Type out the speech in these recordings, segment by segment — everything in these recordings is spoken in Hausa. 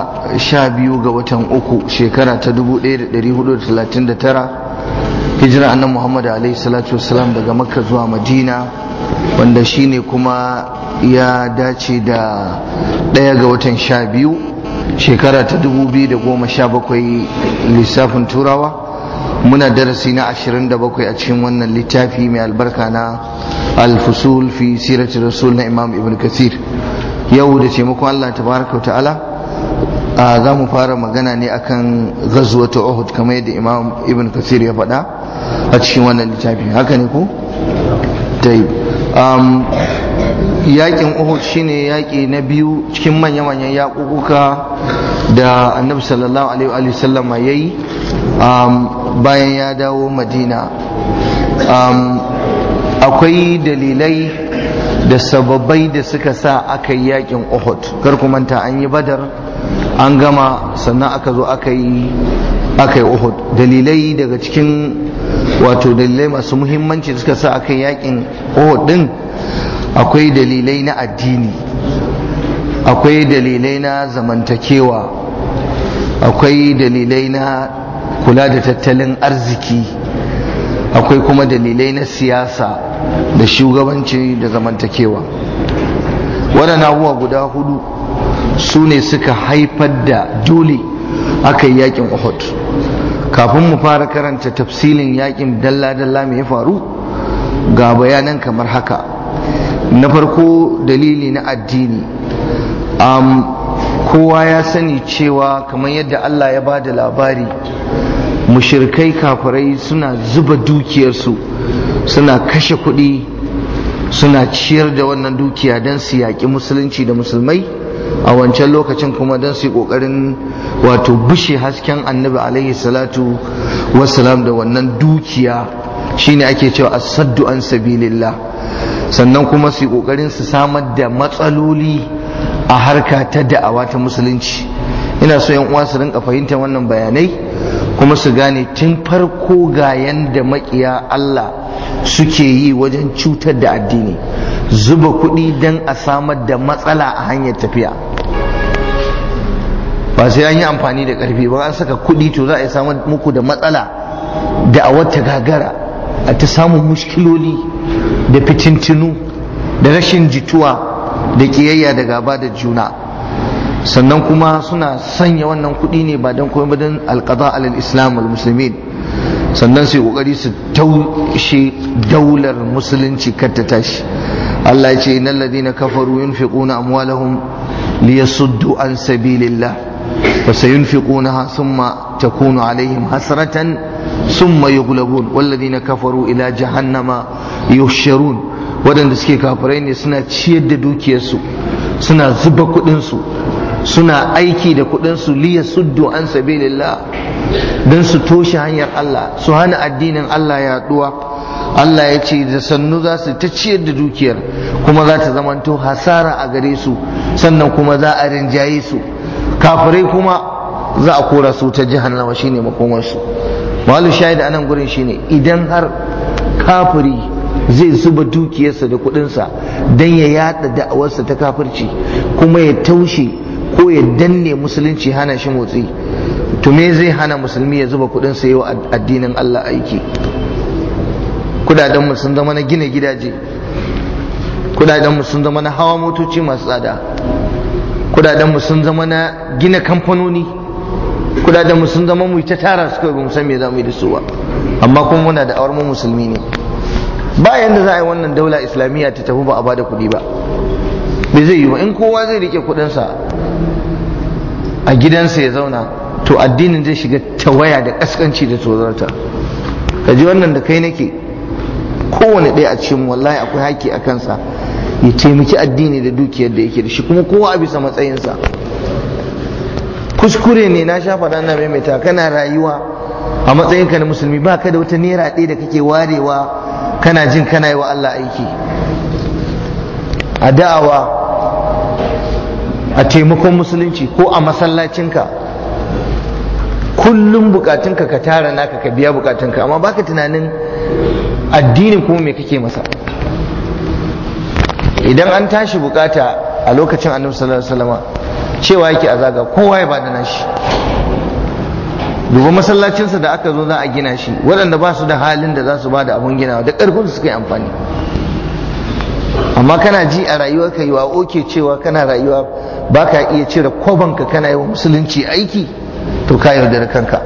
12 sha biyu ga watan uku shekara ta 1439 hijira annan muhammad alaihi salatu wasalam daga Maka zuwa madina wanda shi ne kuma ya dace da ɗaya ga watan sha biyu shekara ta 2017 lissafin turawa muna darasi na 27 a cikin wannan littafi mai albarka na alfusul fi sirati rasul na imam ibn kasir yau da taimakon allah ta wa ta'ala za mu fara magana ne akan ta Ohud kamar yadda imam ibn kasir ya faɗa a cikin wannan littafi haka ne ku? dai um, yakin uhud shine yaƙi na biyu cikin manya-manyan yakukuka da annabi sallallahu alaihi wa sallama yayi um, bayan ya dawo madina akwai dalilai da sababai da suka sa aka yi yakin uhud kar ku manta an yi badar an gama sannan aka zo aka yi aka yi uhud dalilai daga cikin wato dalilai masu muhimmanci suka sa aka yi yakin uhud din akwai dalilai na addini akwai dalilai na zamantakewa akwai dalilai na kula da tattalin arziki akwai kuma dalilai na siyasa da shugabanci da zamantakewa waɗannan abubuwa guda hudu su ne suka haifar da dole aka yi yakin uhud kafin mu fara karanta tafsilin yakin dalla-dalla mai faru ga bayanan kamar haka na farko dalili na addini kowa ya sani cewa kamar yadda allah ya ba da labari mushirkai kafirai suna zuba dukiyarsu suna kashe kuɗi suna ciyar da wannan dukiya don su yaƙi musulunci da musulmai a wancan lokacin kuma don su yi kokarin wato bushe hasken annabi alaihi salatu wasalam da wannan dukiya shine ake cewa saddu an sabilillah sannan kuma su yi kokarin su samar da matsaloli a harka ta da'awa ta musulunci ina so yan uwa su rinka fahimtar wannan bayanai kuma su gane tun farko ga yanda makiya Allah suke yi wajen cutar da addini zuba kuɗi don a samar da matsala a hanyar tafiya ba sai an yi amfani da ƙarfi ba an saka kuɗi to za a yi samar muku da matsala da a wata gagara a ta samun muskiloli da fitintinu da rashin jituwa da ƙiyayya da gaba da juna sannan kuma suna sanya wannan kuɗi ne ba don komai don alƙada alal islam wal musulmin sannan su yi ƙoƙari su taushe daular musulunci kar ta tashi Allah ya ce ladi na kafaru yunfiquna amwalahum liyasuddu an sabilillah sun ma ta takunu alaihim hasratan yi gulabun wal na kafaru ila jahannama yuhsharun wadanda suke kafirai ne suna ciyar da dukiyarsu suna zuba kuɗinsu suna aiki da kuɗin su liya suddu an sabilillah don su toshe hanyar Allah su hana addinin Allah yaɗuwa. Allah ya ce da sannu za su ta ciyar da dukiyar kuma za ta zamanto hasara a gare su sannan kuma za a rinjaye su kafirai kuma za a kora su ta shi shine makomarsu malu shahid anan gurin shine idan har kafiri zai zuba dukiyarsa da kudinsa don ya yada da'awarsa ta kafirci kuma ya taushe ko ya danne musulunci hana shi motsi to me zai hana musulmi ya zuba kudin sa wa addinin Allah aiki kudaden mu sun zama na gina gidaje kudaden mu sun zama na hawa motoci masu tsada kudaden mu sun zama na gina kamfanoni kudaden mu sun zama mu ta tara su kai ba mu san me za mu yi da su ba amma kuma muna da awar mu musulmi ne ba yanda za a yi wannan daula islamiyya ta tafi ba a bada kuɗi ba bai zai yi ba in kowa zai rike kuɗinsa a gidansa ya zauna to addinin zai shiga ta waya da kaskanci da tsorata ka ji wannan da kai nake kowane ɗaya a cikin wallahi akwai haƙƙi a kansa ya taimaki addini da dukiyar da yake da shi kuma kowa a bisa matsayinsa kuskure ne na sha faɗa na maimaita kana rayuwa a matsayinka na musulmi ba ka da wata naira ɗaya da kake warewa kana jin kana yi wa Allah aiki a da'awa a taimakon musulunci ko a masallacinka kullum bukatunka ka tara naka ka biya bukatunka amma baka tunanin addinin kuma me kake masa idan an tashi bukata a lokacin annabi sallallahu alaihi cewa yake a zaga kowa ya bada nashi duba masallacinsa da aka zo za a gina shi waɗanda ba su da halin da za su ba da abun ginawa da ƙarfin su suka yi amfani amma kana ji a rayuwar ka yiwa oke cewa kana rayuwa ba ka iya cire ka kana yi wa musulunci aiki to ka yarda da kanka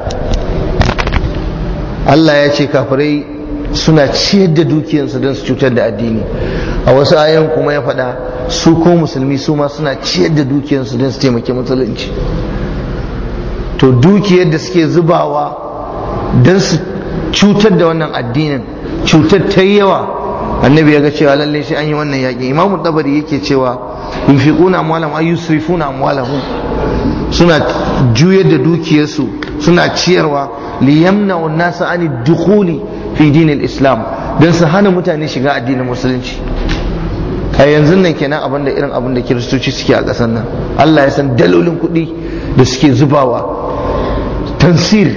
Allah ya ce kafirai suna ciyar da dukiyarsu don su cutar da addini a wasu ayan kuma ya faɗa su ko musulmi su ma suna ciyar da dukiyarsu don su taimaki musulunci to dukiyar da suke zubawa don su cutar da wannan addinin cutar ta yawa annabi ya ga cewa lalle shi an yi wannan yaƙi imamu dabari yake cewa yunfiquna amwalahum ay yusrifuna amwalahum suna juyar da dukiyarsu suna ciyarwa li yamna'u an-nasa an dukhuli fi islam dan su hana mutane shiga addinin musulunci a yanzu nan kenan abin irin abin da kiristoci suke a ƙasar nan Allah ya san dalolin kuɗi da suke zubawa tansir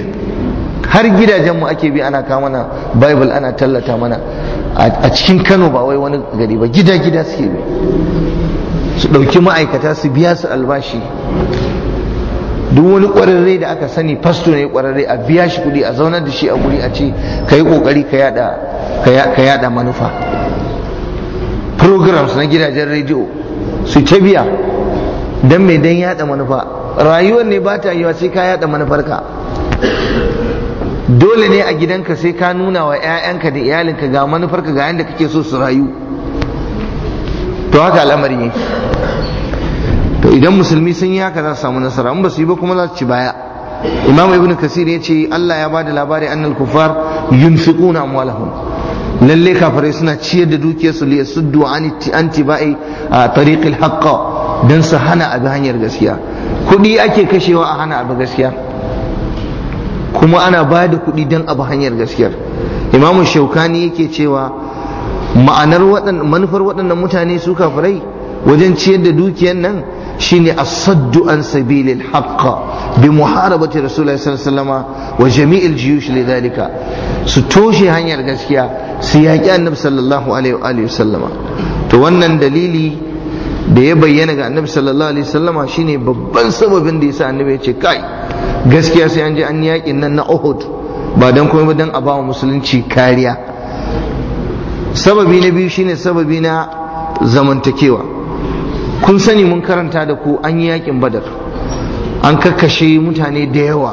har gidajenmu ake bi ana kawo mana bible ana tallata mana a cikin kano ba wai wani gari ba gida-gida suke bi su ɗauki ma'aikata su biya su albashi duk wani ƙwararre da aka sani fasto ne ƙwararre a biya shi kuɗi a zaunar da shi a guri a ce ka yi ƙoƙari ka yada manufa programs na gidajen rediyo su ta biya don mai don yada manufa rayuwar ne ba ta yiwa sai ka yada manufarka dole ne a gidanka sai ka nuna wa 'ya'yanka da iyalinka ga manufarka ga yadda kake so su rayu to haka al'amari ne to idan musulmi sun yi haka za su samu nasara in ba su yi ba kuma za su ci baya imam ibn kasir ya ce Allah ya bada labari annal kufar yunfiquna amwalahum lalle kafirai suna ciyar da dukiyarsu li yasuddu an tibai a tariqil haqqa dan su hana abi hanyar gaskiya kuɗi ake kashewa a hana abi gaskiya kuma ana ba da kuɗi don abu hanyar gaskiyar imamu shaukani yake cewa ma'anar manufar waɗannan mutane su kafirai wajen ciyar da dukiyar nan shine asaddu an sabilil haqqa bi muharabati rasulullahi sallallahu alaihi wa jami'il jiyush lidhalika su toshe hanyar gaskiya su yaƙi annabi sallallahu alaihi wa sallama to wannan dalili da ya bayyana ga annabi sallallahu alaihi wasallama shine babban sababin da yasa annabi ya ce kai gaskiya sai an je an yakin nan na Uhud ba dan komai ba dan a bawa musulunci kariya sababi na biyu shine sababi na zamantakewa kun sani mun karanta da ku an yi yakin badar an kakkashe mutane da yawa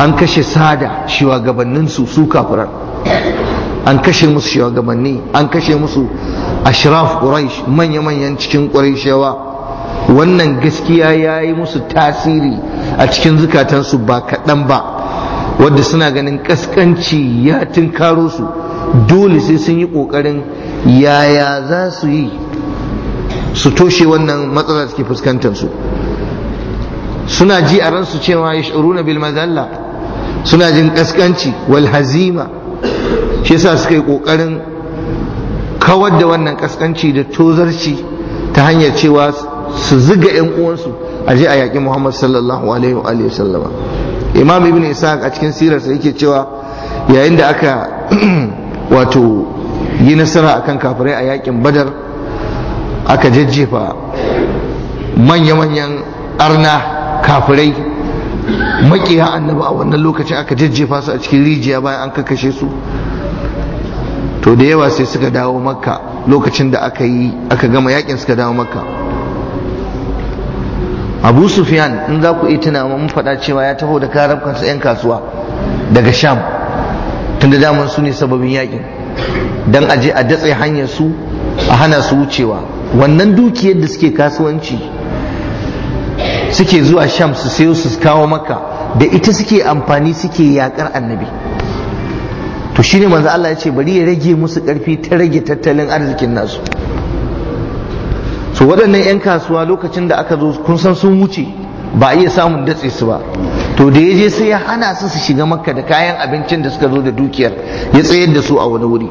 an kashe sada shugabanninsu su kafiran an kashe musu shugabanni an kashe musu ashraf quraish manya-manyan cikin quraishawa wannan gaskiya ya yi musu tasiri a cikin zukatansu ba kaɗan ba wadda suna ganin ƙasƙanci ya tunkaro su dole sai sun yi ƙoƙarin yaya za su yi su toshe wannan matsala suke fuskantarsu suna ji a ransu cewa ya shuruna na bilmazalla suna jin ƙasƙanci walhazima hazima shi yasa suka yi ƙoƙarin kawar da wannan kaskanci da tozarci ta hanyar cewa su ziga yan uwansu a je a yaƙi Muhammad sallallahu alaihi wa sallama Imam Ibn isa a cikin sirarsa yake cewa yayin da aka wato yi nasara akan kafirai a yaƙin Badar aka jajjefa manya-manyan arna kafirai makiya annabi a wannan lokacin aka jajjefa su a cikin rijiya bayan an kakkashe su to da yawa sai suka dawo makka lokacin da aka yi aka gama yakin suka dawo maka. abu sufyan in za ku iya tuna mun faɗa cewa ya taho da karabkansa 'yan kasuwa daga sham tunda daman su ne sababin yakin don aje a datse hanyar su a hana su wucewa wannan dukiyar da suke kasuwanci suke zuwa sham su sayo su kawo maka da ita suke amfani suke yakar annabi to shine manzo Allah ya ce bari ya rage musu karfi ta rage tattalin arzikin nasu so waɗannan 'yan kasuwa lokacin da aka zo kun san sun wuce ba a iya samun datse su ba to da ya je sai ya hana su su shiga makka da kayan abincin da suka zo da dukiyar ya tsayar da su a wani wuri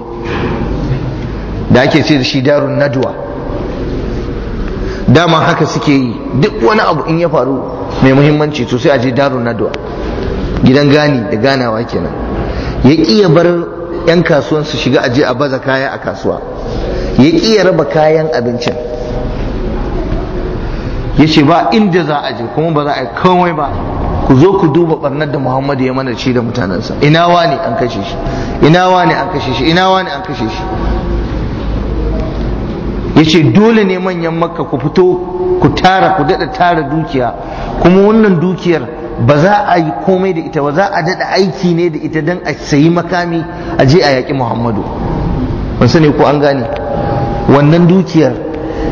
da ake ce da shi darun nadwa dama haka suke yi duk wani abu in ya faru mai muhimmanci to sai a je darun nadwa gidan gani da ganawa kenan ya ƙi ya bar 'yan kasuwan su shiga aje a baza kaya a kasuwa ya ƙi ya raba kayan abincin ya ce ba inda za a je kuma ba za a yi komai ba ku zo ku duba barnar da muhammadu ya mana ci da mutanensa ina wani an kashe shi ina wani an kashe shi ina wani an kashe shi ya ce dole ne manyan makka ku fito ku tara ku daɗa tara dukiya kuma wannan dukiyar ba za a yi komai da ita ba za a daɗa aiki ne da ita don a sayi makami a je a yaƙi muhammadu ban sani ko an gane wannan dukiyar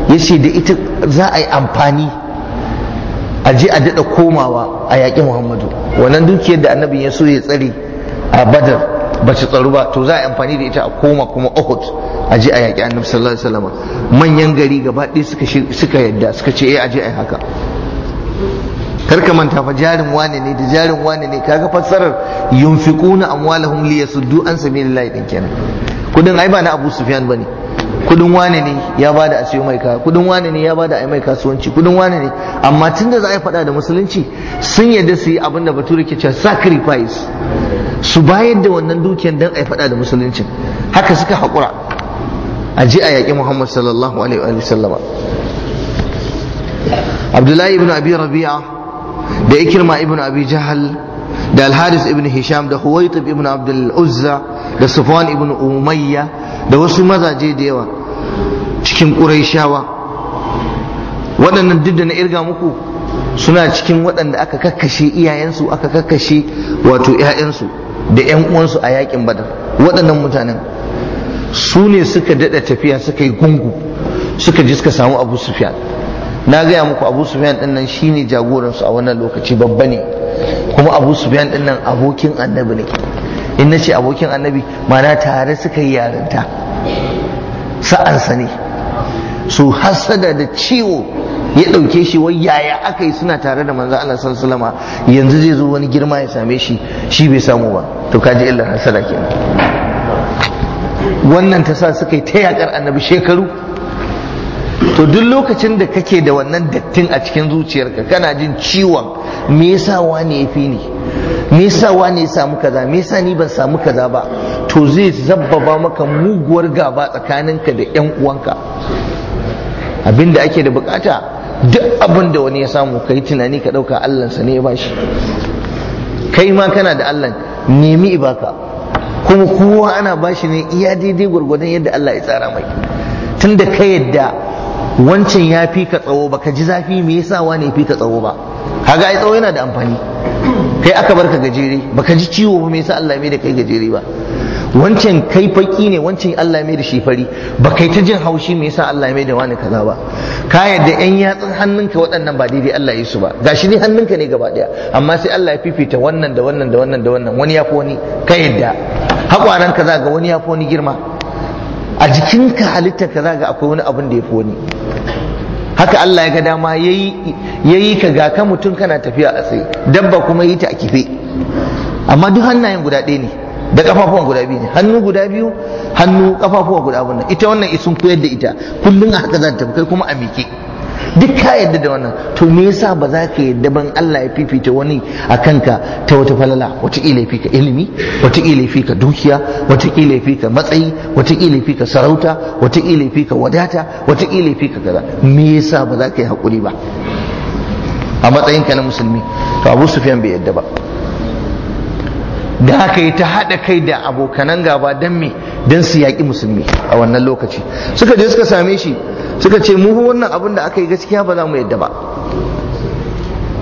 ya ce da ita za a yi amfani a je a daɗa komawa a yaƙi muhammadu wannan dukiyar da annabi ya so ya tsare a badar ba ci tsaro ba to za a yi amfani da ita a koma kuma uhud a je a yaƙi annabi sallallahu alaihi wasallam manyan gari gaba ɗaya suka yadda suka ce eh a je a yi haka karka manta fa jarin wane ne da jarin wane ne kaga fassarar yunfiquna amwalahum liyasuddu an sabilillahi din kenan kudin ai ba na Abu Sufyan bane kudin wane ne ya bada a siyo mai kaya kudin wane ne ya bada a mai kasuwanci kudin wane ne amma tunda za a yi fada da musulunci sun yarda su yi abin da bature ke cewa sacrifice su bayar da wannan dukiyar don a yi fada da musuluncin. haka suka haƙura a ji a yaƙi Muhammad sallallahu alaihi wa sallama Abdullahi ibn Abi Rabi'a da ikirma ibn abi jahal da alhadis ibn hisham da huwaitib ibn abdul uzza da sufwan ibn umayya da wasu mazaje da yawa cikin quraishawa waɗannan duk da na irga muku suna cikin waɗanda aka kakkashe iyayensu aka kakkashe wato 'ya'yansu da 'yan uwansu a yakin badar waɗannan mutanen su ne suka daɗa tafiya suka yi gungu suka ji suka samu abu sufiya na gaya muku abu sufiyan din nan shine jagoransu a wannan lokaci babba ne kuma abu sufiyan din nan abokin annabi ne in na ce abokin annabi mana tare suka yi yarinta sa'ansa ne su hasada da ciwo ya ɗauke shi wai yaya aka yi suna tare da manzo Allah sallallahu alaihi yanzu zai zo wani girma ya same shi shi bai samu ba to kaji illar hasada kenan wannan ta sa suka yi ta yakar annabi shekaru to duk lokacin da kake da wannan dattin a cikin zuciyarka kana jin ciwon me yasa wani ya fi ni me yasa wani ya samu kaza me yasa ni ban samu kaza ba to zai zabbaba maka muguwar gaba tsakaninka da yan uwanka abinda ake da bukata duk abin da wani ya samu kayi tunani ka ɗauka allansa ne ya bashi kai ma kana da allan nemi ibaka kuma kowa ana bashi ne iya daidai gwargwadon yadda allah ya tsara mai tun da ka yadda wancan ya fi ka tsawo ba ka ji zafi me yasa wani ya fi ka tsawo ba kaga ai tsawo yana da amfani kai aka bar ka gajere baka ji ciwo ba me yasa Allah mai da kai gajere ba wancan kai faki ne wancan Allah mai da shi fari ba kai ta jin haushi me yasa Allah mai da wani kaza ba ka yadda yan yatsun hannunka waɗannan ba daidai Allah yi su ba Ga shi ne hannunka ne gaba ɗaya amma sai Allah ya fifita wannan da wannan da wannan da wannan wani ya fi wani ka yadda haƙwaran ka za ga wani ya fi wani girma a jikinka halitta ka za ga akwai wani abin da ya fi wani haka Allah ya ga dama yayi ka ga ka mutum kana tafiya a tsaye dabba kuma yi ta a kife amma duk hannayen guda ɗaya ne da kafafuwan guda biyu ne hannu guda biyu hannu kafafuwa guda biyu ita wannan isun koyar da ita kullum a haka za tafi kai kuma a miƙe duk ka yadda da wannan to me yasa ba za ka yadda ban Allah ya fifita wani a kanka ta wata falala wata ya fika ilimi wata ya fika dukiya wata ya fika matsayi wata ya fika sarauta wata ya fika wadata wata ya fika kaza me yasa ba za ka yi hakuri ba a matsayinka na musulmi to Abu Sufyan bai yadda ba da haka yi ta haɗa kai da abokanan gaba don me don su yaƙi musulmi a wannan lokaci suka je suka same shi suka ce mu wannan abin da aka yi gaskiya ba za mu yadda ba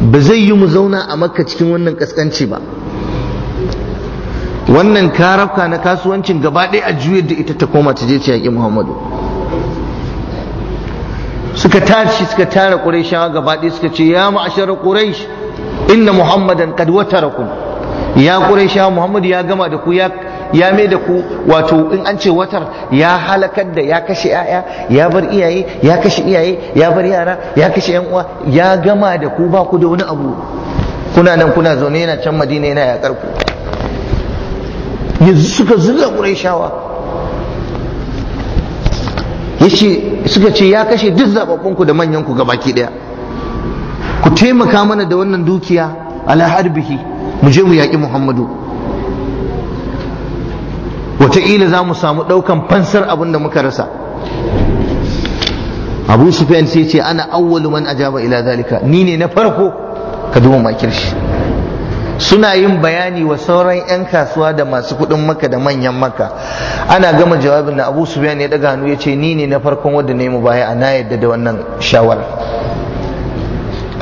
ba zai yi mu zauna a makka cikin wannan ƙasƙanci ba wannan karafka na kasuwancin gaba ɗaya a juyar da ita ta koma ta je ta yaƙi muhammadu suka tashi suka tara ƙurayshawa gaba ɗaya suka ce ya ma'ashara ƙuraysh inna muhammadan qad watarakum ya ƙuraisha muhammad ya gama da ku ya ya mai da ku wato in an ce watar ya halakar da ya kashe yaya ya bar iyaye ya kashe iyaye ya bar yara ya kashe yan uwa ya gama da ku ba ku da wani abu kuna nan kuna zaune yana can madina yana yakar ku yanzu suka zuga ƙuraishawa yace suka ce ya kashe duk zababbun ku da manyan ku gabaki daya ku taimaka mana da wannan dukiya ala harbihi mu je mu yaƙi muhammadu wataƙila za mu samu ɗaukan fansar abin da muka rasa abu sufyan sai ce ana awwalu man ajaba ila zalika ni ne na farko ka duba makir shi suna yin bayani wa sauran 'yan kasuwa da masu kuɗin maka da manyan maka ana gama jawabin da abu sufyan ya daga hannu ya ce ni ne na farkon wanda na yi mu baya na yadda da wannan shawara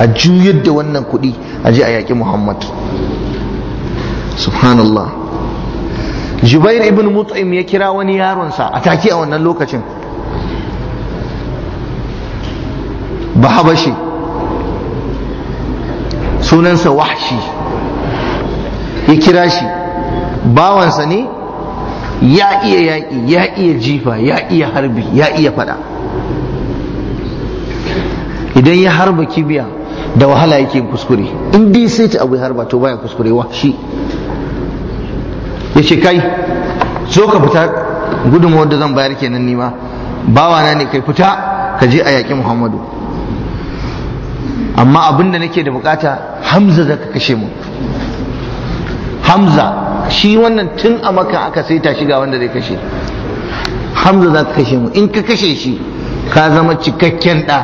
a juyar da wannan kuɗi a je a yaƙi muhammad subhanallah jubair ibn mut'im ya kira wani yaronsa a take a wannan lokacin bahabashi sunansa wahshi ya kira shi bawansa ne ya iya yaƙi ya iya jifa ya iya harbi ya iya fada idan ya harba kibiya da wahala yake kuskure in dai sai ta abu harba to baya kuskure wahshi ya ce kai zo ka fita gudunmawar da zan bayar kenan nima bawana ne kai fita ka je a yaƙi muhammadu amma abin da nake da bukata hamza za ka kashe mu hamza shi wannan tun a maka aka sai ta shiga wanda zai kashe hamza za ka kashe mu in ka kashe shi ka zama cikakken ɗa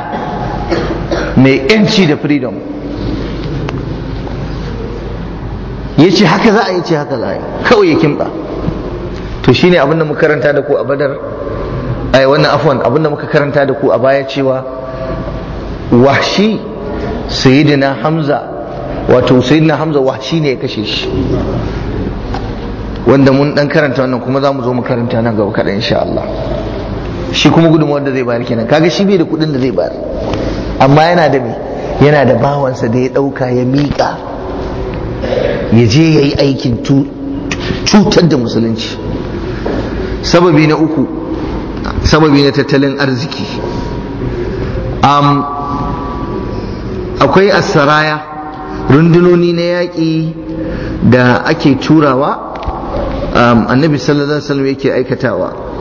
mai 'yanci da freedom ya ce haka za a yi ce haka za a yi kawai ya kimba to shi ne da muka karanta da ku a badar ai wannan afwan abinda da muka karanta da ku a baya cewa wahshi sayyidina hamza wato sayyidina hamza wahshi ne ya kashe shi wanda mun dan karanta wannan kuma za mu zo mu karanta nan gaba kaɗan insha Allah shi kuma gudunmawar da zai bayar kenan kaga shi bai da kuɗin da zai bayar amma yana da me yana da bawansa da ya ɗauka ya miƙa ya je ya yi aikin cutar da musulunci sababi na uku sababi na tattalin arziki akwai asaraya rundunoni na yaƙi da ake turawa annabi sallallahu alaihi wasallam yake aikatawa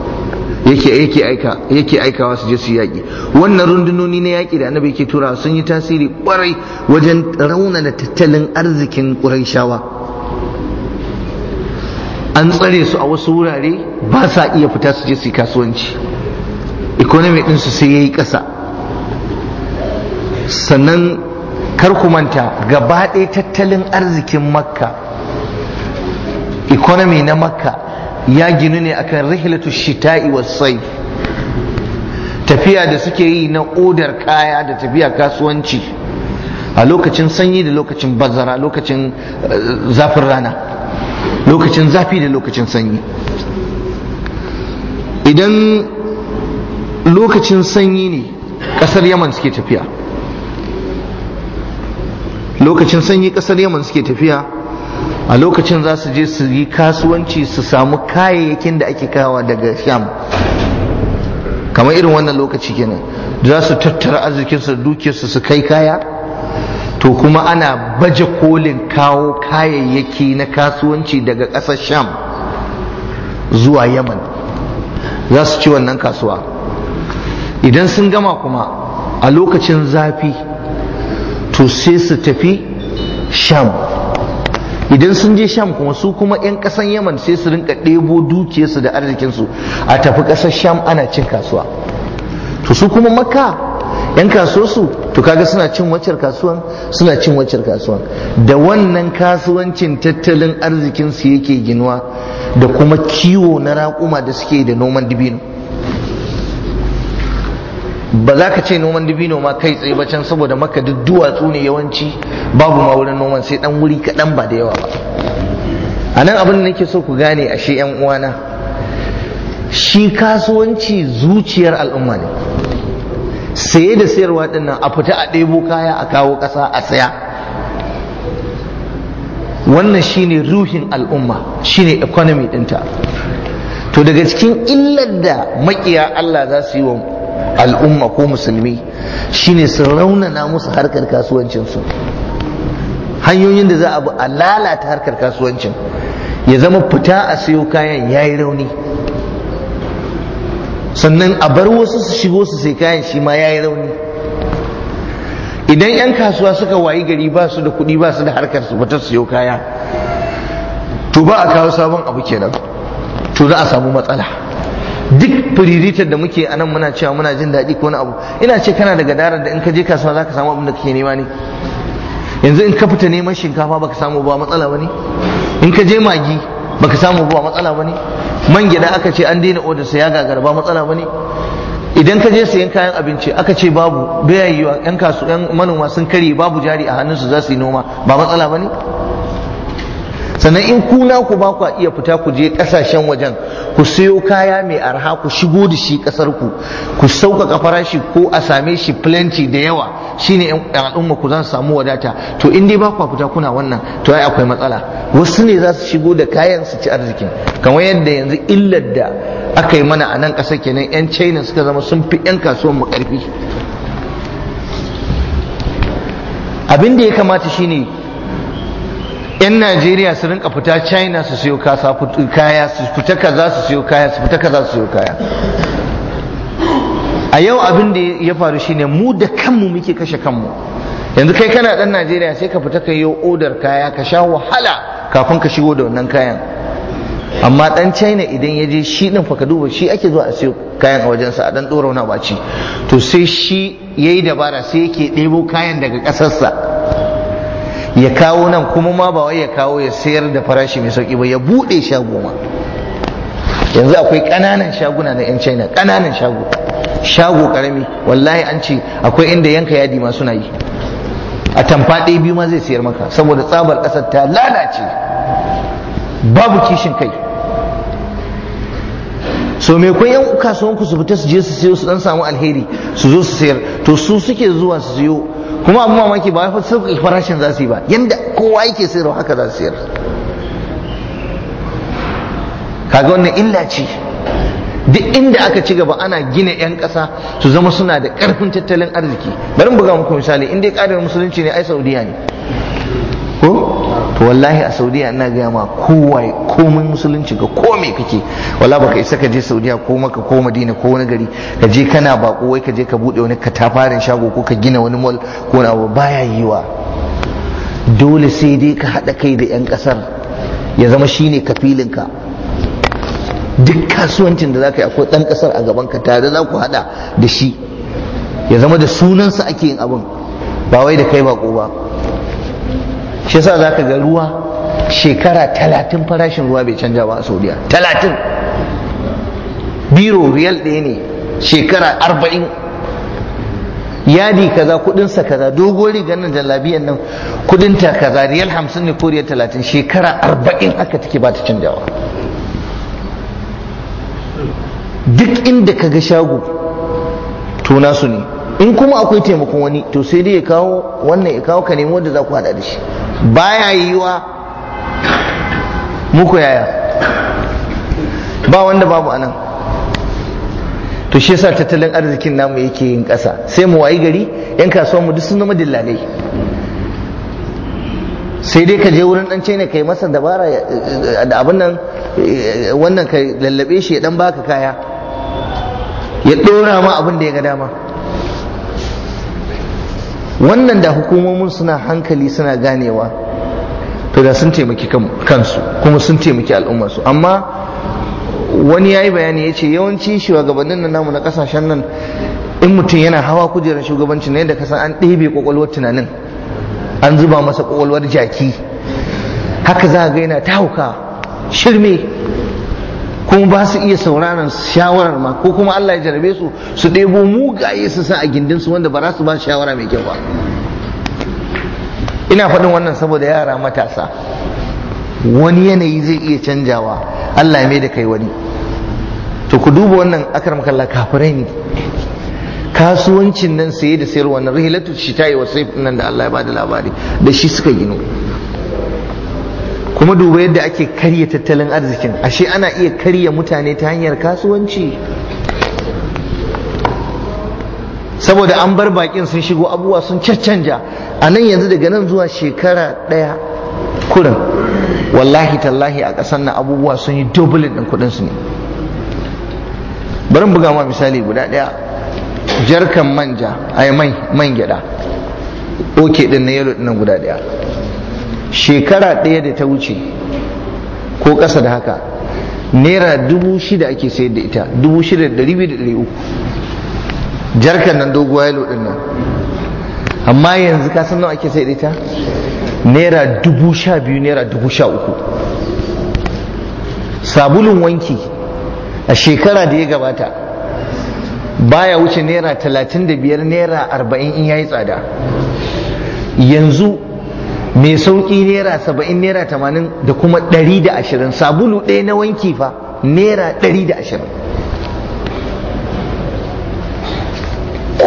yake aikawa su je su yaƙi wannan rundunoni na yaƙi da annabi yake turawa sun yi tasiri kwarai wajen raunana tattalin arzikin shawa, an tsare su a wasu wurare ba sa iya fita su je su yi kasuwanci economy ɗinsu sai ya yi ƙasa sannan kar ku manta gaba ɗaya tattalin arzikin makka economy na makka ya ginu ne akan rihlatu shita'i wasai tafiya da suke yi na odar kaya da tafiya kasuwanci a lokacin sanyi da lokacin bazara lokacin eh, zafin rana lokacin zafi da lokacin sanyi idan lokacin sanyi ne kasar yaman suke tafiya lokacin sanyi kasar yaman suke tafiya a lokacin za su je su yi kasuwanci su samu kayayyakin da ake kawa daga sham kamar irin wannan lokaci kenan za su tattara arzikinsu dukiyarsu su kai kaya to kuma ana baje kolin kawo kayayyaki na kasuwanci daga ƙasar sham zuwa yaman za su ci wannan kasuwa idan sun gama kuma a lokacin zafi to sai su tafi sham idan sun je sham kuma su kuma 'yan ƙasan yaman sai su rinka ɗebo dukiyarsu da arzikinsu a tafi ƙasar sham ana cin kasuwa to su kuma makka 'yan kasuwarsu to kaga suna cin waccar kasuwan suna cin waccar kasuwan da wannan kasuwancin tattalin arzikinsu yake ginuwa da kuma kiwo na raƙuma da suke da noman dibino ba za ka ce noman dabino ma kai tsaye ba can saboda maka duk duwatsu ne yawanci babu ma wurin noman sai dan wuri kaɗan ba da yawa ba a nan abin da nake so ku gane a shi uwana shi kasuwanci zuciyar al'umma ne saye da sayarwa din a fita a ɗebo kaya a kawo ƙasa a saya wannan shine ruhin al'umma shine economy ɗinta to daga cikin illar da makiya Allah za su yi wa al'umma ko musulmi shine su raunana musu harkar kasuwancinsu hanyoyin da za a lalata harkar kasuwancin ya zama fita a siyo kayan ya yi rauni sannan a bar wasu su shigo su sai kayan shi ma ya yi rauni idan 'yan kasuwa suka wayi gari ba su da kuɗi ba su da harkar su fita siyo kaya to ba a kawo sabon abu kenan to za a samu matsala duk firiritar da muke anan muna cewa muna jin daɗi ko wani abu ina ce kana da gadara da in ka je kasuwa za ka samu abin da kake nema ne yanzu in ka fita neman shinkafa baka samu ba matsala ba ne in ka je magi baka samu ba matsala ba ne man gida aka ce an daina odar sa ya gagara ba matsala ba ne idan ka je sayan kayan abinci aka ce babu bai yiwa yan kasu yan manoma sun kare babu jari a hannunsu za su yi noma ba matsala ba ne sannan in kuna ku ba ku iya fita ku je kasashen wajen ku sayo kaya mai arha ku shigo da shi kasar ku ku sauƙaƙa farashi ko a same shi plenty da yawa shine yan al'umma ku zan samu wadata to in dai ba ku fita kuna wannan to ai akwai matsala wasu ne za su shigo da kayan su ci arzikin kamar yadda yanzu illar da aka yi mana a nan ƙasar kenan yan china suka zama sun fi yan kasuwan mu ƙarfi abin da ya kamata shine 'yan najeriya su rinka fita china su siyo kaya su fita kaza su siyo kaya su fita kaza su siyo kaya a yau abin da ya faru shine mu da kanmu muke kashe kanmu yanzu kai kana dan najeriya sai ka fita ka yi odar kaya ka sha wahala kafin ka shigo da wannan kayan amma dan china idan ya je shi din fa duba shi ake zuwa a siyo kayan a wajensa a dan dora wani baci to sai shi yayi dabara sai yake ɗebo kayan daga ƙasarsa ya kawo nan kuma ma ba wai ya kawo ya sayar da farashi mai sauki ba ya buɗe shago ma yanzu akwai ƙananan shaguna na 'yan china ƙananan shago shago ƙarami wallahi an ce akwai inda yanka yadi ma suna yi a tamfa ɗaya biyu ma zai sayar maka saboda tsabar ƙasar ta lalace babu kishin kai so me kun yan su fita su je su sayo su dan samu alheri su zo su sayar to su suke zuwa su siyo kuma abu mamaki ba fa sauƙi farashin za su yi ba yanda kowa yake sayarwa haka za su sayar kaga wannan illa ce duk inda aka ci gaba ana gina 'yan ƙasa su zama suna da ƙarfin tattalin arziki bari buga muku misali in dai ƙarin musulunci ne ai saudiya ne ko to wallahi a saudiya ina gaya ma kowa komai musulunci ka ko kake wala baka isa ka je saudiya ko maka ko madina ko wani gari ka je kana bako wai ka je ka bude wani katafarin shago ko ka gina wani mall ko na abu baya yiwa dole sai dai ka haɗa kai da 'yan kasar ya zama shine kafilinka duk kasuwancin da zaka yi akwai ɗan kasar a gaban ka tare za ku haɗa da shi ya zama da sunansa ake yin abin ba wai da kai bako ba shi yasa za ka ga ruwa shekara talatin farashin ruwa bai canja ba a saudiya talatin biro riyal ɗaya ne shekara arba'in yadi kaza kudinsa kaza dogon rigar nan jallabiyan nan kudinta kaza riyal hamsin ne ko riyal talatin shekara arba'in aka take ba ta canjawa duk inda ka ga shago to nasu ne in kuma akwai taimakon wani to sai dai ya kawo wannan ya kawo ka nemi wanda za ku hada da shi baya yiwa muku yaya ba wanda babu anan to shi yasa tattalin arzikin namu yake yin ƙasa sai mu wayi gari yan kasuwa mu duk sun zama dillalai sai dai ka je wurin dan na kai masa dabara da abin nan wannan ka lallabe shi ya dan baka kaya ya dora ma abin da ya ga dama wannan da hukumomin suna hankali suna ganewa to da sun taimaki kansu kuma sun taimaki al'ummarsu amma wani ya yi bayani ya ce yawanci shugabannin nan namu na kasashen nan in mutum yana hawa kujerar shugabanci ne da kasa an ɗebe kwakwalwar tunanin an zuba masa kwakwalwar jaki haka za a ga yana ta hauka shirme kuma ba su iya sauraron shawarar ma ko kuma Allah ya jarabe su su ɗebo mugaye su sa a gindin su wanda ba za su ba shawara mai kyau ba ina faɗin wannan saboda yara matasa wani yanayi zai iya canjawa Allah ya mai da kai wani to ku duba wannan akar makalla kafirai ne kasuwancin nan saye da sayarwa na rihilatu shi ta yi wasu nan da Allah ya bada labari da shi suka gino kuma duba yadda ake karya tattalin arzikin ashe ana iya karya mutane ta hanyar kasuwanci saboda an bar bakin sun shigo abubuwa sun caccanja a nan yanzu daga nan zuwa shekara ɗaya kurin wallahi tallahi a ƙasar na abubuwa sun yi dublin ɗin kuɗinsu ne bari buga ma misali guda ɗaya jarkan manja ai man gyaɗa oke ɗin na yalo ɗin guda daya. shekara ɗaya da ta wuce ko ƙasa da haka naira dubu shida ake sayar da ita dubu shida da ɗari biyu da ɗari uku jarkan nan doguwa yalo ɗin nan amma yanzu ka san nawa ake sayar da ita naira dubu sha biyu naira dubu sha uku sabulun wanki a shekara da ya gabata baya wuce naira talatin da biyar naira arba'in in yayi tsada yanzu mai sauƙi naira saba'in naira tamanin da kuma ɗari da ashirin sabulu ɗaya na wanki fa nera ɗari da ashirin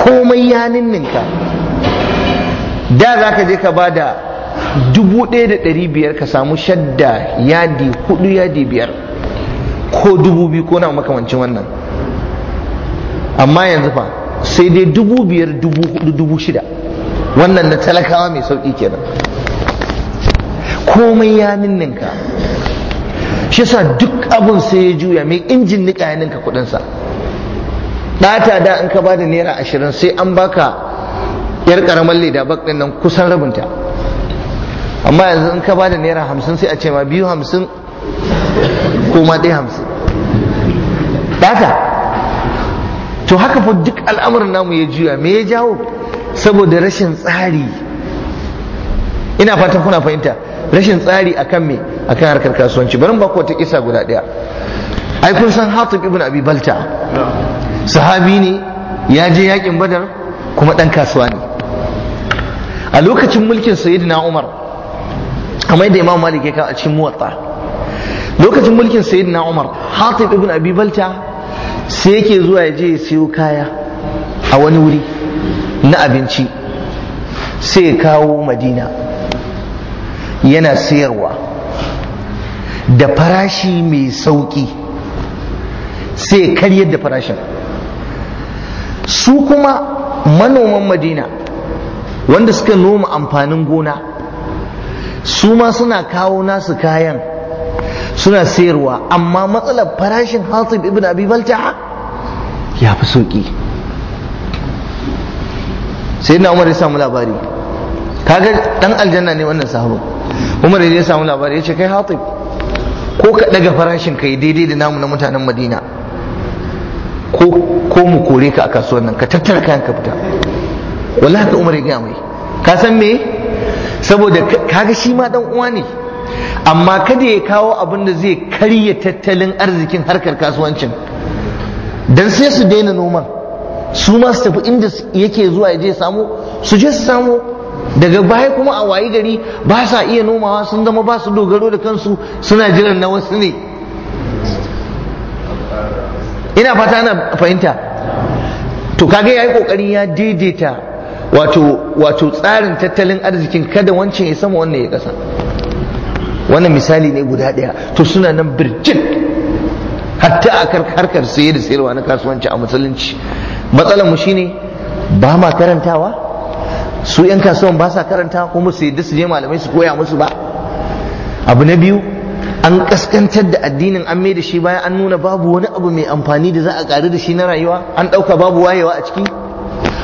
komai ya ninninka da za ka je ka ba da dubu ɗaya da ɗari biyar ka samu shadda yadi hudu yadi biyar ko dubu biyu ko na makamancin wannan amma yanzu fa sai dai dubu biyar dubu hudu dubu shida wannan na talakawa mai sauƙi kenan komai ya ninninka shi sa duk abin sai ya juya mai injin nika ya ninka kudinsa ɗata da in ka bada naira ashirin sai an baka yar karamar leda bak din nan kusan rabinta amma yanzu in ka bada naira hamsin sai a ce ma biyu hamsin ko ma ɗaya hamsin ɗata to haka fa duk al'amuran namu ya juya me ya jawo saboda rashin tsari ina fatan kuna fahimta rashin tsari akan me akan harkar kasuwanci bari ba ta kisa guda daya ai kun san Hatib ibn Abi Balta sahabi ne ya je yakin Badar kuma dan kasuwa ne a lokacin mulkin Sayyidina Umar kamar da Imam Malik ya kawo a cikin muwatta lokacin mulkin Sayyidina Umar Hatib ibn Abi Balta sai yake zuwa ya je ya siyo kaya a wani wuri na abinci sai ya kawo Madina yana sayarwa da farashi mai sauƙi sai karyar da farashin su kuma manoman madina wanda suka noma amfanin gona su ma suna kawo nasu kayan suna sayarwa amma matsalar farashin hatib ibn abi balta ya fi sauki sai na umar ya samu labari kaga dan aljanna ne wannan sahabu umar ya samu labari ya ce kai hatib ko ka daga farashin kai daidai da namu na mutanen madina ko mu kore ka a kasuwan nan ka tattara kayan ka fita wallahi haka umar ya gaya mai ka san me saboda kaga shi ma dan uwa ne amma kada ya kawo abin da zai karya tattalin arzikin harkar kasuwancin dan sai su daina noman su ma su tafi inda yake zuwa ya je samu su je su samu daga baya kuma a wayi gari ba sa iya nomawa sun zama ba su dogaro da kansu suna jiran na wasu ne ina fata ana fahimta to kaga yayi kokarin ya daidaita wato tsarin tattalin arzikin kada wancan ya sama wannan ya kasa wannan misali ne guda ɗaya to suna nan birjin hatta a harkar sayar da sayarwa na kasuwanci a musulunci matsalar mu shine ba ma karantawa su 'yan kasuwan ba sa karanta kuma su yadda su je malamai su koya musu ba abu na biyu an kaskantar da addinin an mai da shi bayan an nuna babu wani abu mai amfani da za a ƙari da shi na rayuwa an ɗauka babu wayewa a ciki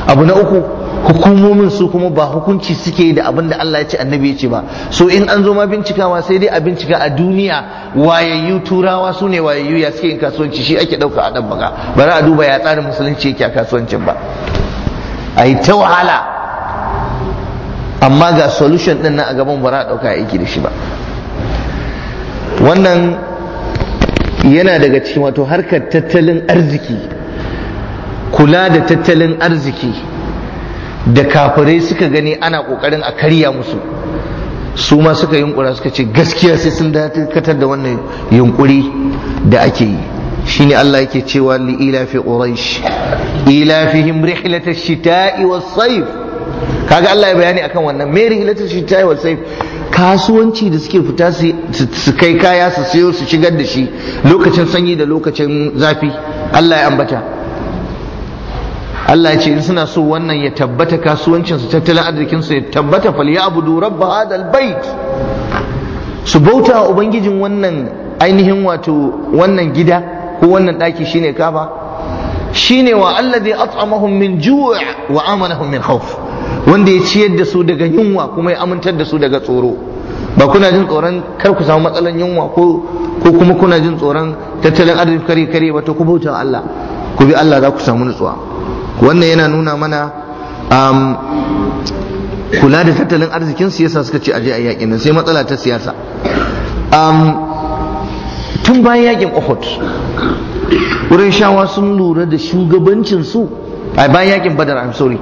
abu na uku hukumomin su kuma ba hukunci suke da abin da Allah ya ce annabi ya ce ba so in an zo ma bincikawa sai dai a bincika a duniya wayayyu turawa su ne wayayyu ya suke yin kasuwanci shi ake ɗauka a ɗan Bari a duba ya tsarin musulunci yake a kasuwancin ba a yi ta wahala amma ga solution din na a gaban ba za a dauka aiki da shi ba wannan yana daga cikin wato harkar tattalin arziki kula da tattalin arziki da kafirai suka gani ana kokarin a karya musu su ma suka yunkura suka ce gaskiya sai sun dakatar da wannan yunkuri da ake yi shine Allah yake cewa li ila shi quraish ila fihim shita'i kaga Allah ya bayani akan wannan mary hilatar shi ta yi sai kasuwanci da suke fita su kai kaya su siyo su shigar da shi lokacin sanyi da lokacin zafi Allah ya ambata Allah ya ce in suna so wannan ya tabbata kasuwancin su tattalin arzikin su ya tabbata fal ya abudu rabba hadal bait su bauta ubangijin wannan ainihin wato wannan gida ko wannan daki shine kaba shine wa allazi at'amahum min ju' wa amanahum min khawf wanda ya ciyar da su daga yunwa kuma ya amintar da su daga tsoro ba kuna jin tsoron kar ku samu matsalan yunwa ko kuma kuna jin tsoron tattalin arziki kare kare ba to ku bauta Allah ku bi Allah za ku samu nutsuwa wannan yana nuna mana um, kula da tattalin arzikin siyasa suka ce aje a yakin nan sai matsala ta siyasa um, tun bayan yakin Uhud wurin shawa sun lura da shugabancin su a bayan yakin Badar I'm sorry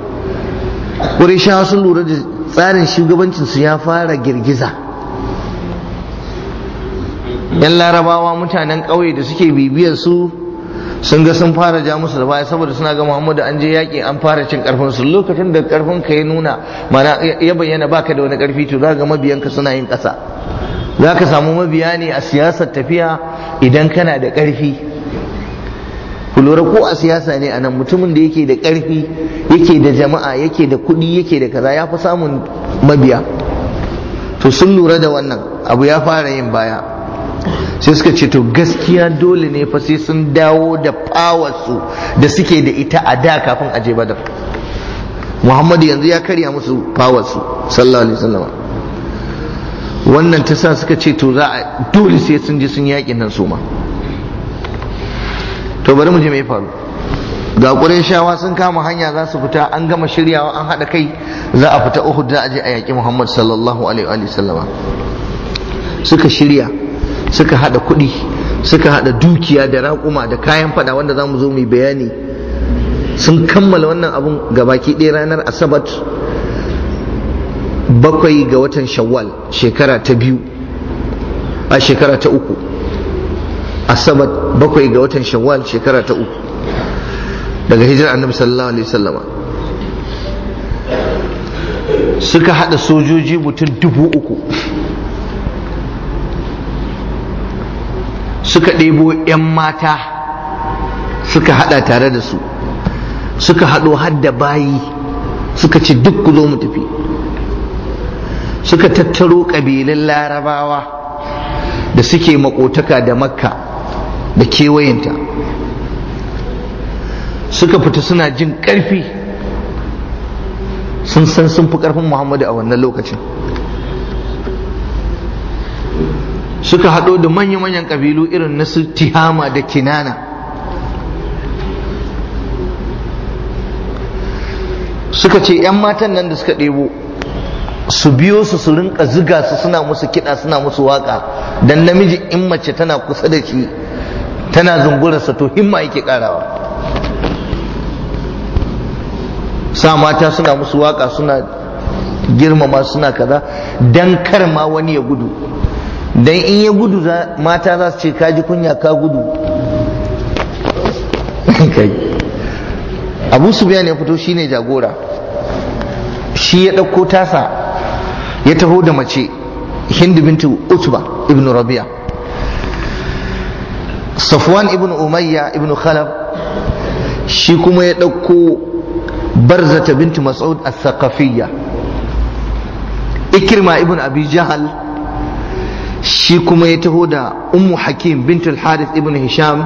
ƙurishawa sun lura da tsarin shugabancinsu ya fara girgiza yan larabawa mutanen ƙauye da suke bibiyar su sun ga sun fara ja musu da baya saboda suna ga muhammadu an je yaƙi an fara cin ƙarfin su lokacin da ƙarfin ka ya nuna mana ya bayyana baka da wani ƙarfi to za ga mabiyanka suna yin ƙasa za ka samu mabiya ne a siyasar tafiya idan kana da ƙarfi kulura ko a siyasa ne anan mutumin da yake da ƙarfi yake da jama'a yake da kuɗi yake da kaza ya fi samun mabiya to sun lura da wannan abu ya fara yin baya sai suka ce to gaskiya dole ne fa sai sun dawo da su da suke da ita a da kafin a je badar muhammadu yanzu ya karya musu su sallallahu alaihi wasallam wannan ta sa suka ce to za a dole sai sun je sun yaƙi nan su ma to bari mu je mai faru ga shawa sun kama hanya za su fita an gama shiryawa an haɗa kai za a fita Uhud da a a yaƙi Muhammad sallallahu alaihi wa sallama suka shirya suka haɗa kuɗi suka haɗa dukiya da raƙuma da kayan fada wanda za mu zo mu bayani sun kammala wannan abun ga baki ɗaya ranar asabar bakwai ga watan shawwal shekara ta biyu a shekara ta uku asabar bakwai ga watan shawwal shekara ta uku daga hijirar annabi sallallahu alaihi sallama suka hada sojoji mutum dubu uku suka ɗebo 'yan mata suka hada tare da su suka haɗo hadda bayi suka ci duk ku mu tafi suka tattaro ƙabilun larabawa da suke makotaka da makka da kewayenta suka fita suna jin ƙarfi sun san sun fi ƙarfin muhammadu a wannan lokacin suka haɗo da manya-manyan ƙabilu irin na su tihama da kinana suka ce 'yan matan nan da suka ɗebo su biyo su su rinka ziga su suna musu kiɗa suna musu waka, don namiji in mace tana kusa da shi tana zungurarsa to himma yake karawa sa mata suna musu waka suna girmama suna kaza dan kar ma wani ya gudu dan in ya gudu mata za su ce kaji kunya ka gudu abu su ya fito shine jagora shi ya ɗauko tasa ya taho da mace hindu bintu utba ibn rabi'a safwan ibn umayya ibn khalaf shi kuma ya ɗauko barzata bintu mas'ud al-thaqafiyya ikirma ibn abi jahal shi kuma ya taho da ummu hakim bintul harith ibn hisham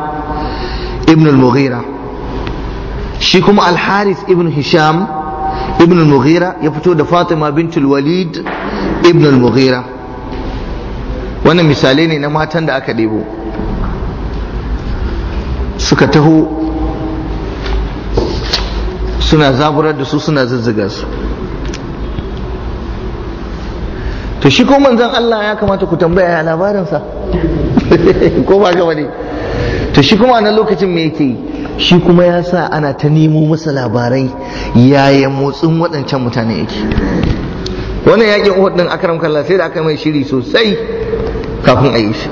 ibn al-mughira shi kuma al-harith ibn hisham ibn al-mughira ya fito da fatima bintul walid ibn al-mughira wannan misalai ne na matan da aka ɗebo suka taho suna zaburar da su suna zazzaga su to shi ko manzon Allah ya kamata ku tambaya ya labarinsa ko ba gaba ne to shi kuma na lokacin me yake yi shi kuma ya sa ana ta nemo masa labarai yaya motsin waɗancan mutane yake wannan yakin uhud din akram kalla sai da aka mai shiri sosai kafin a yi shi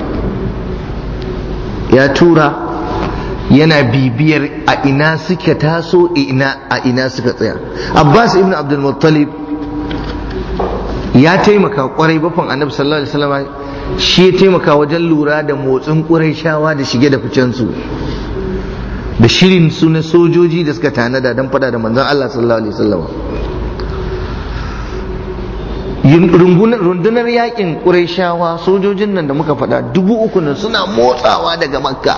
ya tura yana bibiyar a ina suka taso a ina suka tsaya abbas ibn abdul muttalib ya taimaka kwarai bafan annabi sallallahu alaihi wasallam shi taimaka wajen lura da motsin quraishawa da shige da ficen su da shirin su na sojoji da suka tanada don fada da manzon Allah sallallahu alaihi wasallam rundunar yakin quraishawa sojojin nan da muka faɗa dubu uku suna motsawa daga makka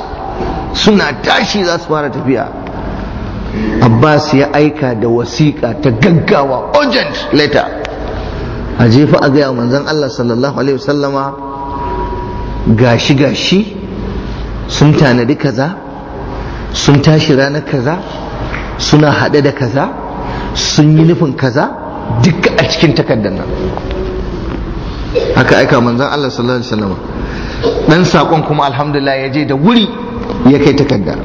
suna tashi za su fara tafiya abbas ya aika da wasiƙa ta gaggawa urgent letter a jefa a gaya manzan allah sallallahu alaihi wasallama gashi gashi sun tanadi kaza sun tashi ranar kaza suna haɗe da kaza sun yi nufin kaza duka a cikin takardar nan haka aika manzan allah sallallahu alaihi wasallama dan saƙon kuma alhamdulillah ya je da wuri ya kai takarda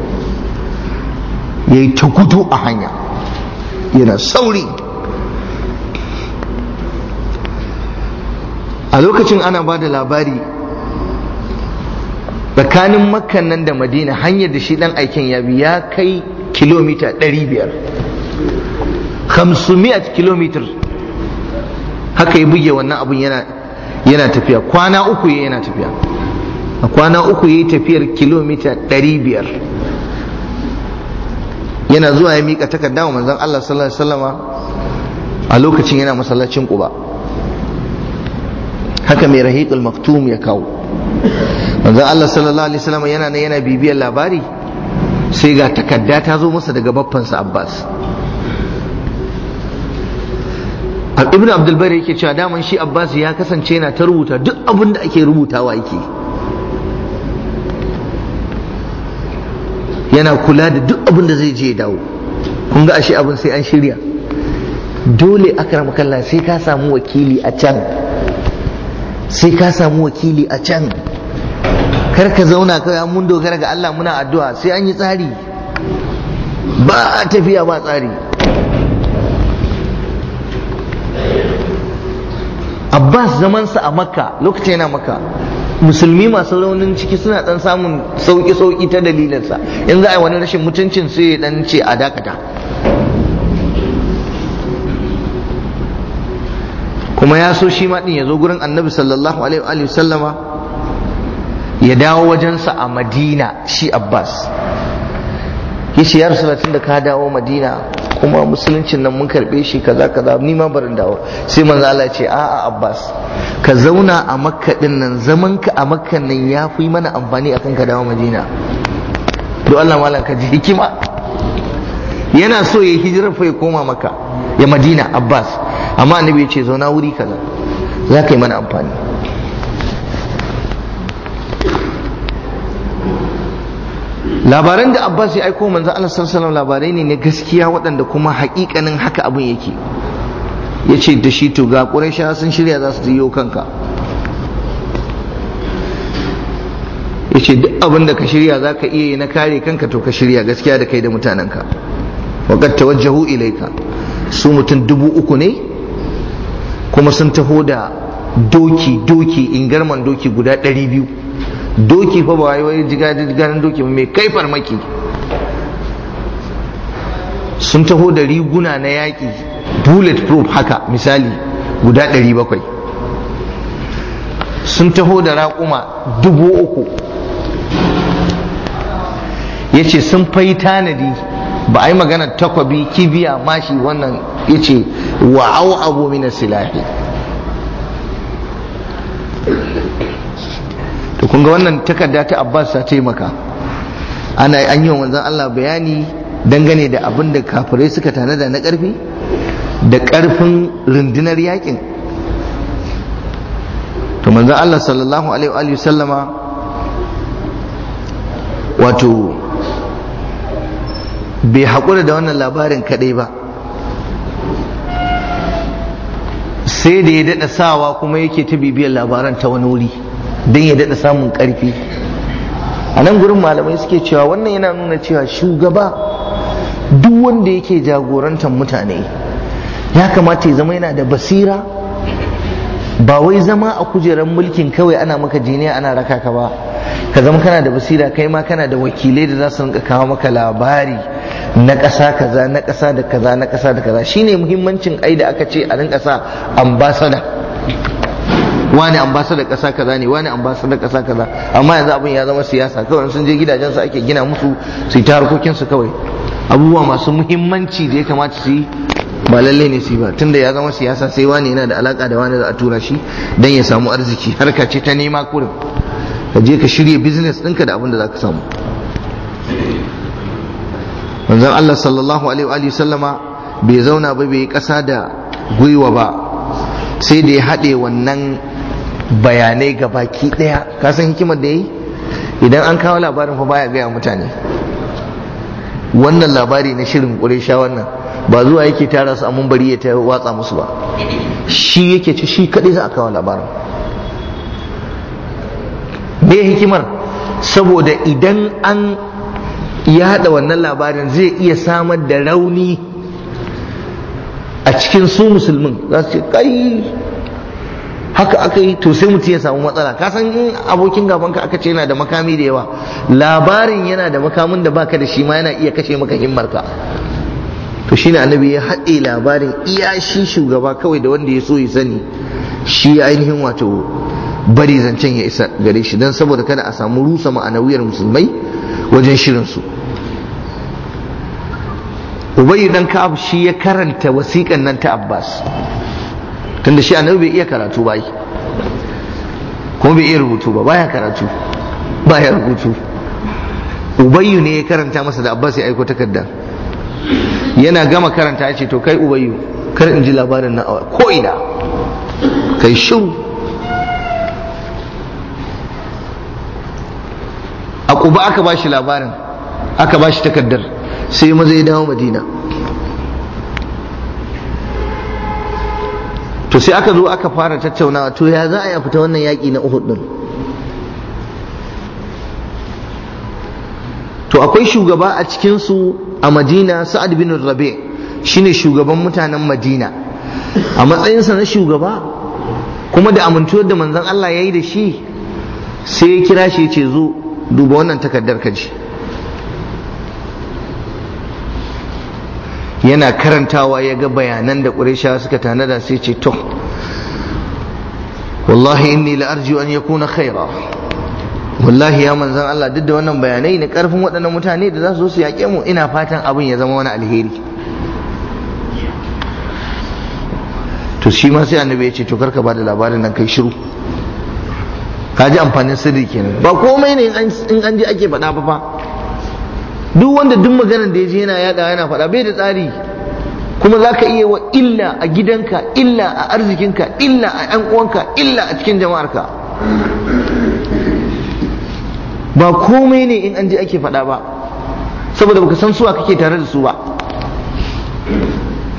ya yi ta gudu a hanya yana sauri a lokacin ana ba da labari tsakanin makkan da madina hanyar da shi dan aiken ya bi ya kai kilomita 500 500 kilomitar haka ya buge wannan abun yana tafiya kwana uku yana tafiya a kwana uku yi tafiyar kilomita 500 yana zuwa ya miƙa takarda wa manzon Allah sallallahu alaihi wasallama a lokacin yana masallacin Quba haka mai rahiqul maktum ya kawo manzon Allah sallallahu alaihi wasallama yana nan yana bibiyar labari sai ga takarda ta zo masa daga baffansa Abbas ibn abdulbari yake cewa daman shi abbas ya kasance yana ta rubuta duk abin da ake rubutawa yake yana kula da duk abin da zai je dawo kun ga ashe abin sai an shirya dole akram kalla sai ka samu wakili a can sai ka samu wakili a can kar ka zauna kawai mun dogara ga Allah muna addu'a sai an yi tsari ba tafiya ba tsari Abbas zamansa a makka lokacin yana makka musulmi masu raunin ciki suna dan samun sauki sauki ta dalilinsa in za a yi wani rashin mutuncin su ya dan ce a dakata kuma ya so shi ma din ya zo gurin annabi sallallahu alaihi wa ya dawo wajensa a madina shi abbas yace ya tun da ka dawo madina kuma musuluncin nan mun karbe shi kaza kaza ni ma barin dawo sai manzo Allah ce ce a'a abbas ka zauna a makka nan zaman ka a makka nan ya fi mana amfani akan ka dawo madina to Allah malam ka ji hikima yana so ya hijira fa ya koma maka ya madina abbas amma annabi ya ce zauna wuri kaza za ka yi mana amfani labaran da abbas ya aiko manzo Allah sallallahu labarai ne na gaskiya waɗanda kuma haƙiƙanin haka abin yake yace da shi to ga sun shirya za su yiwo kanka Yace duk abin da ka shirya za ka iya yi na kare kanka to ka shirya gaskiya da kai da mutanenka waƙar tawajjahu ilaika su mutum dubu uku ne kuma sun taho da doki doki ingarman doki guda ɗari biyu doki fa ba wai wai jigajiganin doki mai kai farmaki sun taho da riguna na yaƙi bullet proof haka misali guda 700 sun taho da raƙuma dubu uku ya ce sun fai tanadi ba a yi magana takwabi kibiya mashi wannan ya ce wa abu mina silahi kun ga wannan takarda ta abbas ta taimaka ana an yi wa manzon Allah bayani dangane da abin da kafirai suka tanada na ƙarfi da ƙarfin rundunar yakin to manzon Allah sallallahu alaihi wa sallama wato bai haƙura da wannan labarin kaɗai ba sai da ya daɗa sawa kuma yake ta bibiyar labaran ta wani wuri don ya daɗa samun ƙarfi a nan gurin malamai suke cewa wannan yana nuna cewa shugaba duk wanda yake jagorantar mutane ya kamata ya zama yana da basira ba wai zama a kujerar mulkin kawai ana maka jiniya ana raka ka ba ka zama kana da basira kai ma kana da wakilai da za su rinka kawo maka labari na ƙasa kaza na ƙasa da kaza na ƙasa da kaza shine muhimmancin ai da aka ce a rinka sa ambasada wani ambasadar kasa kaza ne wani ambasadar kasa kaza amma yanzu abin ya zama siyasa kawai sun je gidajen su ake gina musu su yi tarukokin harkokin su kawai abubuwa masu muhimmanci da ya kamata su yi ba lalle ne su ba tunda ya zama siyasa sai wani yana da alaka da wani za a tura shi dan ya samu arziki harka ce ta nema kurin ka je ka shirya business ɗinka da abin da za ka samu manzon Allah sallallahu alaihi wa sallama bai zauna ba bai yi ƙasa da gwiwa ba sai da ya haɗe wannan bayanai gabaki baki ɗaya ka san hikimar da yi idan an kawo labarin fa baya gaya mutane wannan labari na shirin ƙuresha wannan ba zuwa yake tara su a bari ya ta watsa musu ba shi yake ci shi kaɗai za a kawo labarin me hikimar saboda idan an ya yada wannan labarin zai iya samar da rauni a cikin su musulmin za su ce kai haka aka yi to sai mutum ya samu matsala ka san in abokin gabanka aka ce yana da makami da yawa labarin yana da makamin da baka da shi ma yana iya kashe maka himmarka to shine annabi ya haɗe labarin iya shi shugaba kawai da wanda ya so ya sani shi ainihin wato bari zancen ya isa gare shi don saboda kada a samu rusa ma'anawiyar musulmai wajen shirin su ubayyu dan ka'ab shi ya karanta wasiƙan nan ta abbas tunda shi annabi bai iya karatu ba kuma bai iya rubutu ba baya karatu baya rubutu ubayyu ne ya karanta masa da abbas ya aiko takarda yana gama karanta ya ce to kai ubayyu kar in ji labarin na ko ina kai shiru a kuba aka bashi labarin aka bashi takardar sai maza ya dawo madina to sai aka zo aka fara tattaunawa to ya za a yi fita wannan yaƙi na uhud din to akwai shugaba a cikinsu a madina sa'ad bin rabi shine shugaban mutanen madina a matsayinsa na shugaba kuma da amintuwar da manzon Allah ya yi da shi sai ya kira shi ya ce zo duba wannan takardar ka ji yana karantawa ya ga bayanan da ƙurishawa suka tanada sai ce to wallahi inni la'arju an yakuna khaira wallahi ya manzan Allah duk da wannan bayanai na karfin waɗannan mutane da za su su yaƙe mu ina fatan abin ya zama wani alheri to shi ma sai annabi ya ce to karka ba da labarin nan kai shiru ka ji amfanin sirri kenan ba komai ne in an ji ake faɗa ba fa duk wanda duk maganar da ya je yana yada yana faɗa bai da tsari kuma za ka iya wa illa a gidanka illa a arzikinka illa a yan uwanka illa a cikin jama'arka ba komai ne in an ji ake faɗa ba saboda baka san suwa kake tare da su ba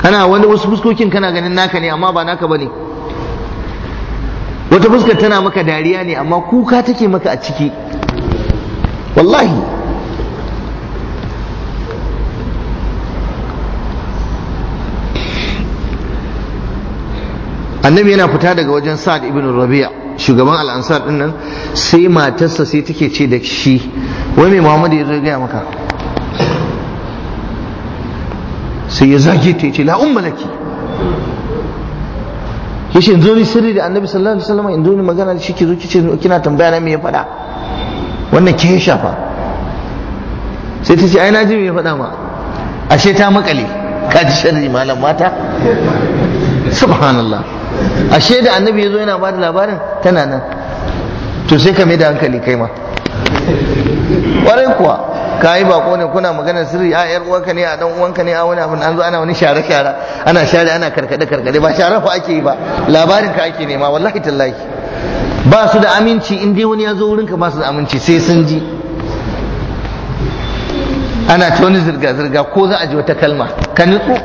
kana wani wasu fuskokin kana ganin naka ne amma ba naka bane wata fuskar tana maka dariya ne amma kuka take maka a ciki wallahi annabi yana fita daga wajen sa'ad ibn rabi'a shugaban al'ansar din nan sai matarsa sai take ce da shi wai mai muhammadu ya zo gaya maka sai ya zage ta ce la'un malaki yace in zo ni sirri da annabi sallallahu alaihi wasallam in zo ni magana da shi ki zo ce kina tambaya na me ya faɗa wannan ke shafa sai ta ce ai na ji me ya faɗa ma ashe ta makale ka ji sharri malam mata subhanallah ashe da annabi ya zo yana ba da labarin tana nan to sai ka mai da hankali kai ma ƙwarai kuwa ka yi bako ne kuna magana sirri a yar uwanka ne a dan uwanka ne a wani abin an zo ana wani share share ana share ana karkade karkade ba share fa ake yi ba labarin ka ake nema wallahi tallahi ba su da aminci in dai wani ya zo wurinka ba su da aminci sai sun ji ana ta wani zirga-zirga ko za a ji wata kalma ka nutsu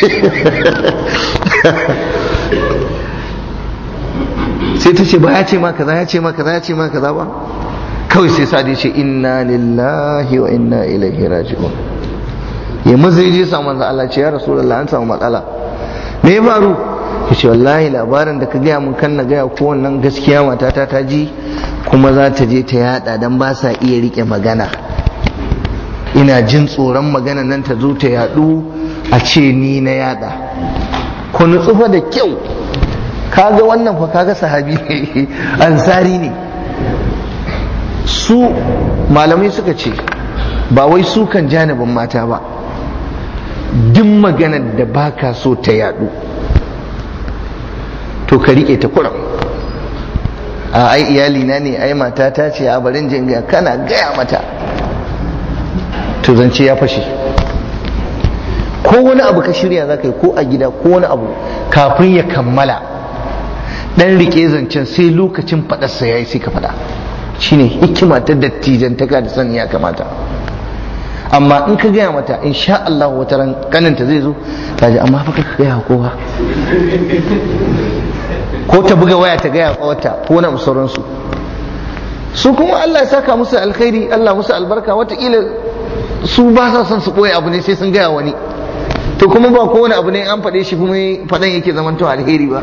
sai ta ce ba ya ce ma kaza ya ce ma kaza ya ce ma kaza ba kawai sai sadi ce inna lillahi wa inna ilaihi raji'un ya mazai ji samu manzo Allah ce ya rasulullah an samu matsala me ya faru ya ce wallahi labarin da ka gaya mun kan na gaya ko wannan gaskiya matata ta ji kuma za ta je ta yada dan ba sa iya rike magana ina jin tsoron magana nan ta zo ta yadu a ce ni na yada ku nutsufa da kyau kaga wannan fa kaga sahabi ne ansari ne su malamai suka ce ba wai su kan janibin mata ba duk maganar da baka so ta yadu to ka riƙe ta kuram a ai iyali na ne ai matata ce a barin jin kana gaya mata to zance ya fashe ko wani abu ka shirya za ka yi ko a gida ko wani abu kafin ya kammala dan rike zancen sai lokacin fadarsa ya yi sai ka fada ne hikima ta dattijan ta da sani ya kamata amma in ka gaya mata in sha Allah wata ran kananta zai zo ta ji amma fa ka gaya kowa ko ta buga waya ta gaya wata ko na sauransu su kuma Allah ya saka musu alkhairi Allah musu albarka Watakila su ba sa son su koya abu ne sai sun gaya wani to kuma ba kowane abu ne an faɗe shi kuma faɗan yake to alheri ba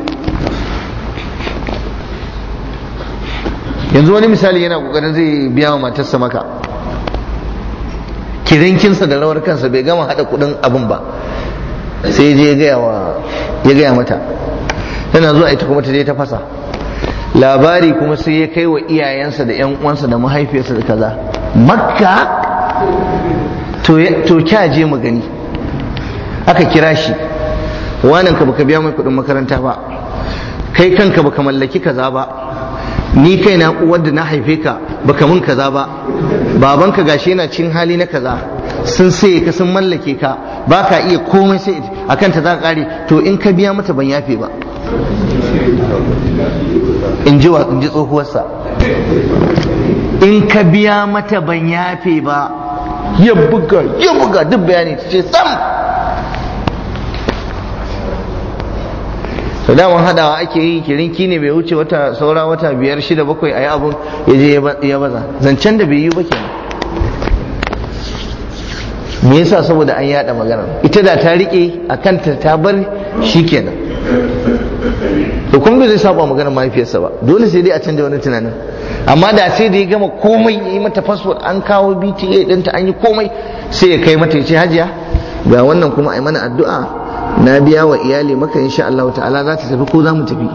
yanzu wani misali yana kokarin zai biya wa matarsa maka kirinkinsa da rawar kansa bai gama haɗa kuɗin abin ba sai je ya gaya mata tana zuwa ita kuma ta je ta fasa labari kuma sai ya kai wa iyayensa da yan uwansa da mahaifiyarsa da kaza makka to kya je mu gani aka kira shi wanan ka baka biya mai kuɗin makaranta ba kai kanka baka mallaki kaza ba ni kai na uwar da na haife ka baka mun kaza ba babanka gashi yana cin hali na kaza sun saye ka sun mallake ka ba ka iya komai sai akan ta za ka kare to in ka biya mata ban yafe ba in ji wa in ji tsohuwarsa in ka biya mata ban yafe ba ya buga ya buga duk bayani ce sam da daman hadawa ake yi kirinki ne bai wuce wata saura wata biyar shida bakwai a yi abun ya je ya baza zancen da bai yi ba kenan me yasa saboda an yada magana ita da ta rike a kanta ta bar shi kenan to kun zai saba maganar mahaifiyarsa ba dole sai dai a canja wani tunanin amma da sai da ya gama komai ya yi mata fasfod an kawo bta ɗinta an yi komai sai ya kai mata ya ce hajiya ga wannan kuma a mana addu'a na biya wa iyali maka insha Allah ta'ala za ta tafi ko za mu tafi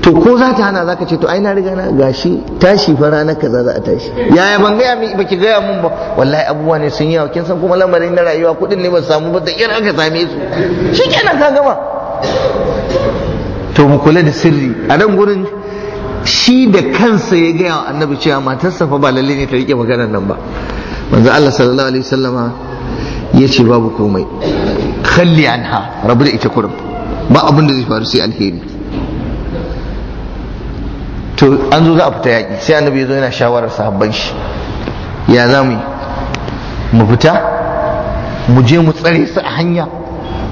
to ko za ta hana za ka ce to ai na riga na gashi tashi fa ranar kaza za a tashi yaya ban gaya mi baki gaya mun ba wallahi abubuwa ne sun yawa kin san kuma lamarin na rayuwa kudin ne ba samu ba da kira aka same su kenan ka gama to mu kula da sirri a nan gurin shi da kansa ya gaya wa annabi cewa matarsa fa ba lalle ne ta rike maganar nan ba manzo Allah sallallahu alaihi wasallama ya ce babu komai khalli anha rabu da ita kurum ba abin da zai faru sai alheri to an zo za a fita yaƙi sai annabi ya zo yana shawarar sahabban shi ya za mu mu fita mu je mu tsare su a hanya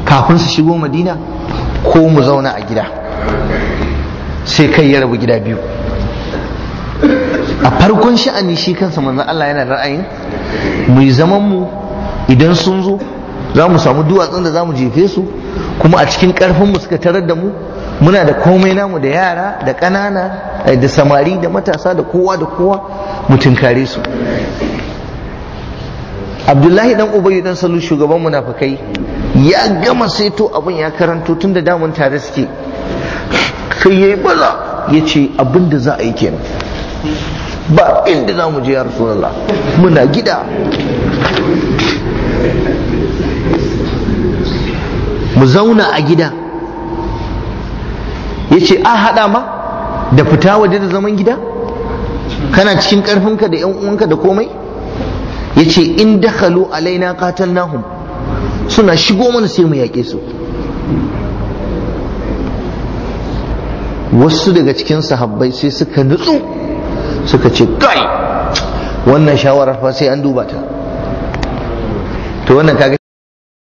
kafin su shigo madina ko mu zauna a gida sai kai ya rabu gida biyu a farkon sha'ani shi kansa manzan Allah yana ra'ayin mu yi zaman mu idan sun zo za mu samu duwatsun da za mu jefe su kuma a cikin karfin mu suka tarar da mu muna da komai namu da yara da ƙanana eh, da samari da matasa da kowa da kowa mu tunkare su abdullahi dan ubayu dan salu shugaban munafikai ya gama to abin ya karanto tun da damun tare suke sai ya yi bala ya ce abin da za a yi kenan ba inda za mu je ya rasulallah muna gida mu zauna a gida yace a haɗa ma da fita waje da zaman gida kana cikin karfinka da yan uwanka da komai yace in dakhalu alaina nahum suna shigo mana sai mu yaƙe su wasu daga cikin sahabbai sai suka nutsu suka ce kai wannan shawarar fa sai an duba ta to wannan kaga